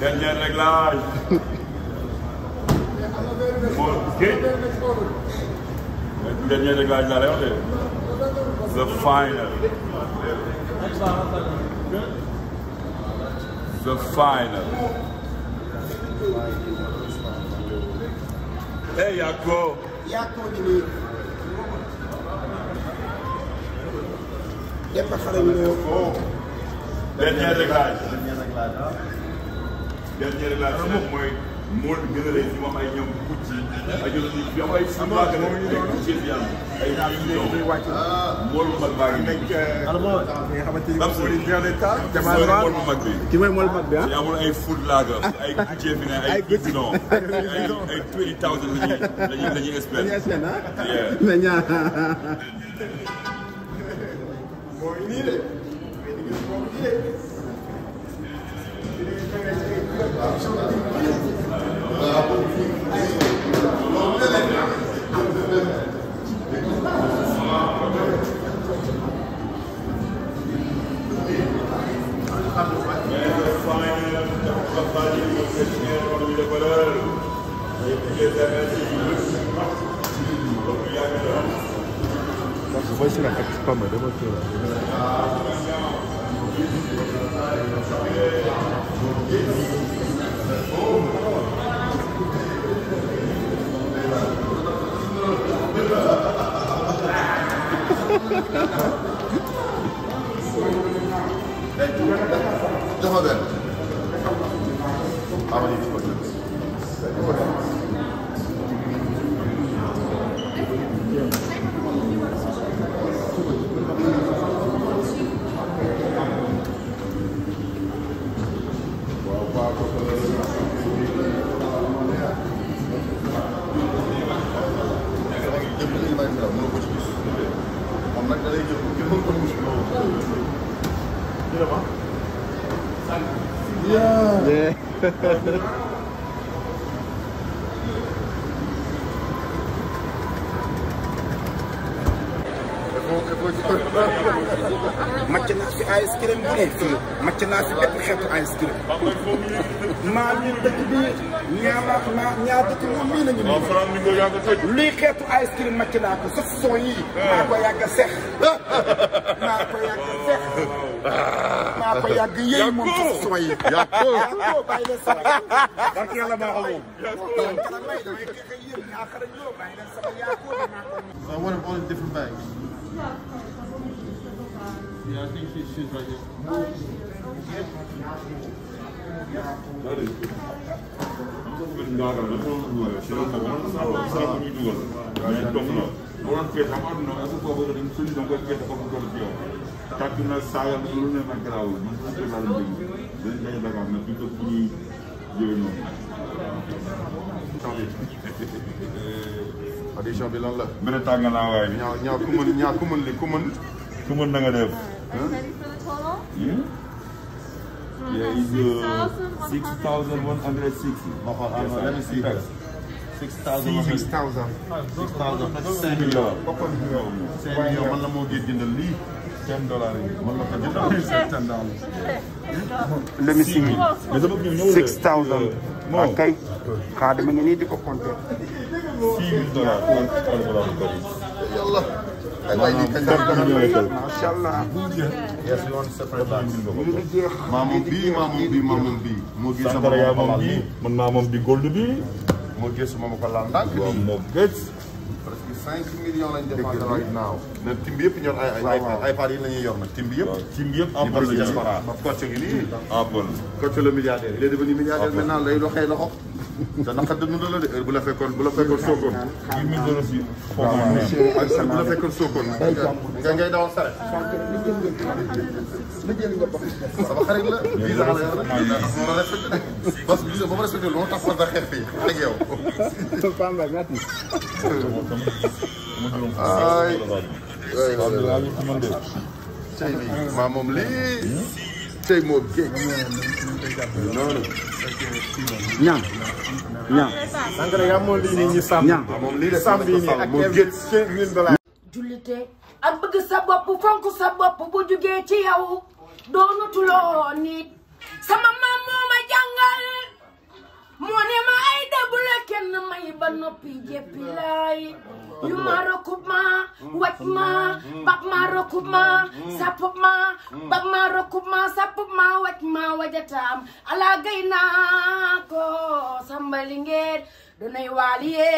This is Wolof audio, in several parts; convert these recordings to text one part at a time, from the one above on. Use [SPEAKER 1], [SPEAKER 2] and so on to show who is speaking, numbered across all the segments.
[SPEAKER 1] dernier réglage. bon géej. dernier réglage laa lay wax de. the final. the final. hey Yako. dernier réglage dernier réglage dernier réglage moom mooy moo gën a rëy ñu am ay ñoom Gucci ay ñoom ñu am ay Samba ak ay Gucci bi am ay naam yu ñëw mool bu mag baa ngi nekk. Euh, nga xamante ni moo di bien état. jamono mool bu mag bi ki mooy mool bu mag bi ah. amul ay food lager ah. ay Gucci bi ne ay Gucci non ay ay twenty thousand la ñuy la ñuy la ñuy espère. mais ñaar. mooy nii de. Voici la partie pomme, de votre... dafa benn Yeah. yeah. màcc naa fi ice cream bu ne fii màcc naa fi bépp xeetu ice cream maa ngi dëkk bii ñaama maa ñaa dëkk moom mii nañu nii luy xeetu ice cream màcc naa ko sa son yi maa ko yàgg a seex maa ko yàgg a seex maa ko yàgg yëy moom sa son yi yaa ko bàyyi leen sama barke yàlla maa ko moom I want to volunteer different bags. Yeah, I think she, she's right here. Oh, she That is good. Good God, I don't know. She doesn't know. That's how we do it. Man, don't know. Orang peta mana no? Aku kau boleh ring suri dong kau peta kau kau dia. Tapi nak saya dulu ni macam kerau. Mesti kita lalu. Dan saya dah kau nak tutup ni. Jangan. addition bi lan la. mbiru tàngalaawaay bi. ñaar ñaar ku mën ñaar ku mën li ku mën. ku mën na nga def. Yeah, it's uh, ah, 6,160. Yes, let me see that.
[SPEAKER 2] 6,000. 6,000. 6,000. That's 10 million. 10
[SPEAKER 1] million. Man la moo gën jëndal lii. 10 dollars yi. Man la ko jëndal 10 dollars.
[SPEAKER 2] Let me see.
[SPEAKER 1] 6,000. Ok. Xaar dama ngi nii di ko compter. 6000 dollars pour alquran karim yàlla ay ni kan machallah yes you want separate maamu bi maamu bi maamu bi moo gis sama maamu bi mën naa moom bi gold bi moo gis moom ko la ndank bi moo gis parce que 5 millions lañ défendre right now na tim bi yëpp ñor ay ay ay par yi la ñuy yor nag tim bi yëpp tim bi yëpp apple la jaspara coach ngi nii apple coach le milliardaire il est devenu milliardaire maintenant lay doxee loxo te naqar de dund la de heure bu la fekkoon bu la fekkoon sookoon. dix mille dollars yi foofu la bu la fekkoon sookoon. nga ngay dawal sare. sama xarit la. bii sax la yor la. ma respecté nag. parce que ba ma respecté lu ma tax ma xeex fii ak yow. ay. waaw waaw waaw. tey lii maa moom lii. tey moo géej. noonu.
[SPEAKER 2] ñaŋ. ñaŋ. engrais yaa ah, jullite ak bëgg sa bopp fonk sa bopp bu jugee ci yow doonutuloo nit sama maam moo ma jàngal moo ne ba noppi jéppi laay yu ma rokub ma waj ma bab ma rokub ma sapub ma bab ma rokub ma sapub ma waj ma wajataam ala naa ko sambali ngeer donay waaliye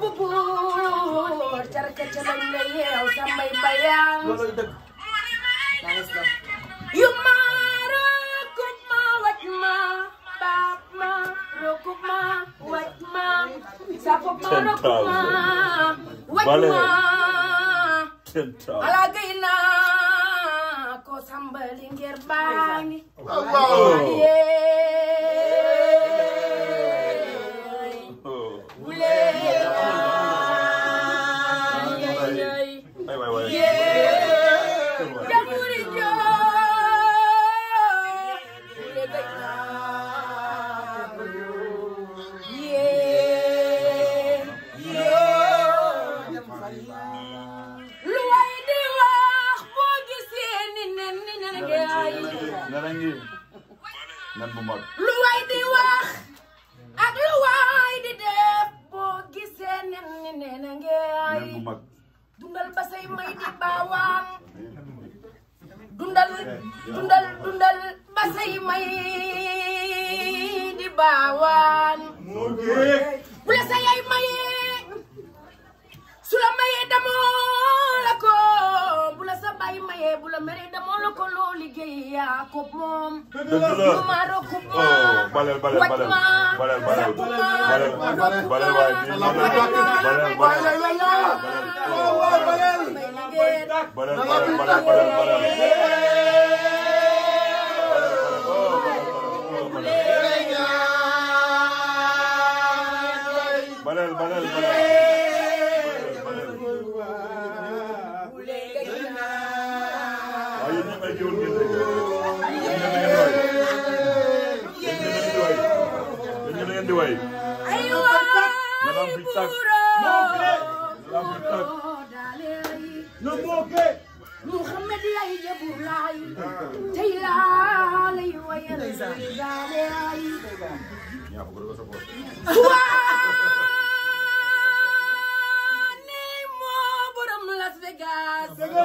[SPEAKER 2] bu góor carkate lañ la yeew sa mbay mbayaan yu ma rokub ma waj ma baab ma rokub ma waj ma sapop ma rokub ma waj ma ala gay naa ko sambali ngir baangi oh, dundal dundal ba say may di baawaan bu la sa yaay mayee su la mayee demoo la ko bu la sa baay mayee bu la meree demoo la ko loo liggéey yaa ko moom lu ma rokkub ma wàcc ma sakku ma doog ma balel balel balel ngeen ni moo borom Las Vegas waaw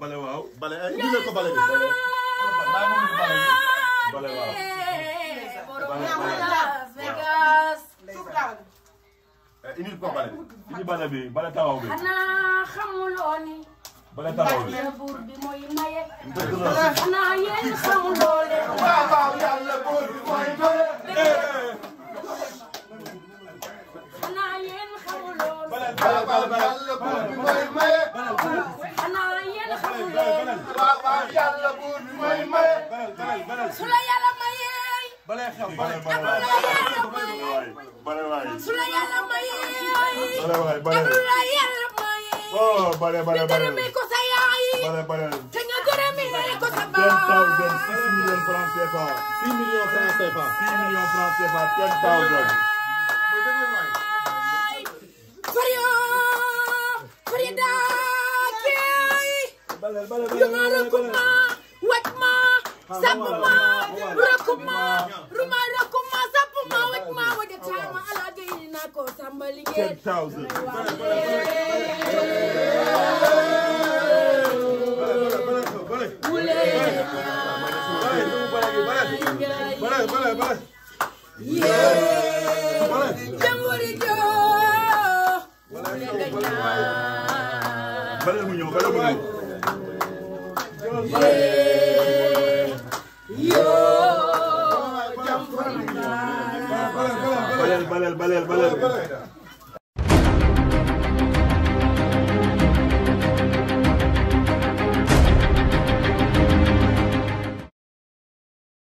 [SPEAKER 1] bale waaw bale ñu ne ko bale bi indil ko bala bi indi bala bi bala taxaw bi.
[SPEAKER 2] xanaa xamuloo ni.
[SPEAKER 1] bala taxaw bi
[SPEAKER 2] buur bi mooy maye. dëgg la xanaa yéen xamuloo leen. waaw waaw yàlla buur bi mooy maye. xanaa yéen xamuloo leen. bala taxaw bi yàlla buur bi mooy maye. xanaa yéen xamuloo leen. waaw waaw yàlla buur bi mooy maye. su la yàlla
[SPEAKER 1] bale xew bale
[SPEAKER 2] bale waay su la yàlla mayee
[SPEAKER 1] bale waay bale su la yàlla mayee oh bale bale bale mi ko sa yaay bale bale
[SPEAKER 2] te nga gërëmi ko sa baay
[SPEAKER 1] 10 millions francs CFA 10 millions francs CFA 10 millions francs CFA 10000
[SPEAKER 2] Bale, bale, bale, bale, bale, bale.
[SPEAKER 1] sapuma
[SPEAKER 2] rokuma ruma rokuma sapuma wet ma wet tama ala de ina ko sambali get 10000 Yeah. baleel baleel baleel